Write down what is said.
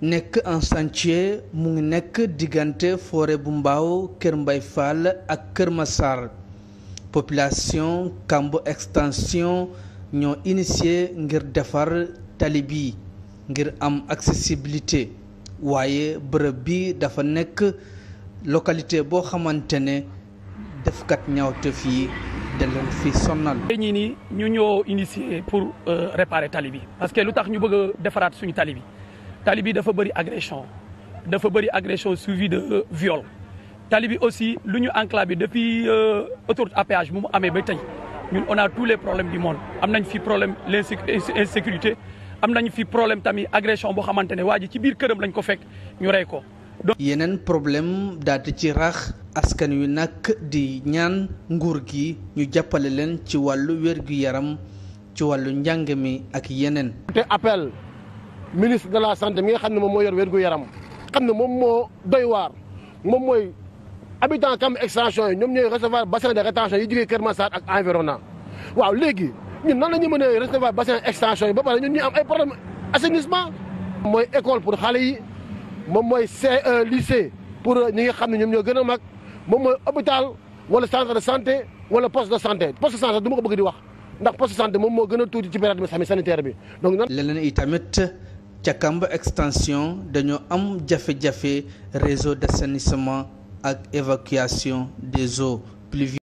nekk en chantier mu ngi nekk diggante forêt bu mbaaw kër mbay fall ak kër masar population kamb extension ñoo initié ngir defar tali bi ngir am accessibilité waaye bërëb bi dafa nekk localité boo xamante ne defkat ñaawteef fii da leen fi sonal. ñi ni ñu ñoo initié pour euh, réparer tali bi parce que lu tax ñu bëgg defaraat suñu tali bi. tali bi dafa bëri agression dafa bëri agression suivi de euh, viol tali bi aussi lu ñu enclave bi depuis euh, autoroute à péage bu mu amee ba tey ñun on a tous les problèmes du monde am nañ fi problème l'insécurité am nañ fi problème tamit agression boo xamante ne waa ci biir këram lañ ko fekk ñu rey ko. yeneen problème daati ci rax askan wi nag di ñaan nguur gi ñu jàppale leen ci wàllu wér gi yaram ci wàllu njàng mi ak yeneen. ministre de la santé mi nga xam ne moom moo yor wér gu yaram xam ne moom moo doy waar moom mooy habitant kam extension yi ñoom ñooy recevoir bassin de rétention yi jógee Kër Massar ak environnant waaw léegi ñun nan la ñu mën a recevoir bassin extension yi ba pare ñun ñu am ay problème assainissement mooy école pour xale yi moom mooy CE lycée pour ñi nga xam ne ñoom ñoo gën a mag moom mooy hôpital wala centre de santé wala poste de santé poste de santé du ma ko bëgg di wax ndax poste de santé moo gën a tuuti ci période bi sanitaire bi donc. leneen itamit. ca Kamba extension dañoo am jafe-jafe réseau d'assainissement ak évacuation des eaux pluviales